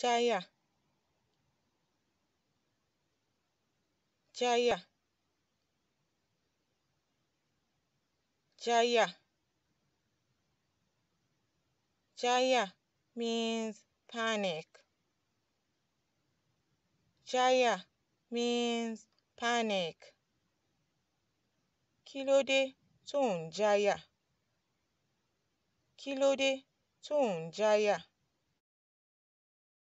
jaya jaya jaya jaya means panic jaya means panic Kilode tun Jaya. Kilode tun Jaya.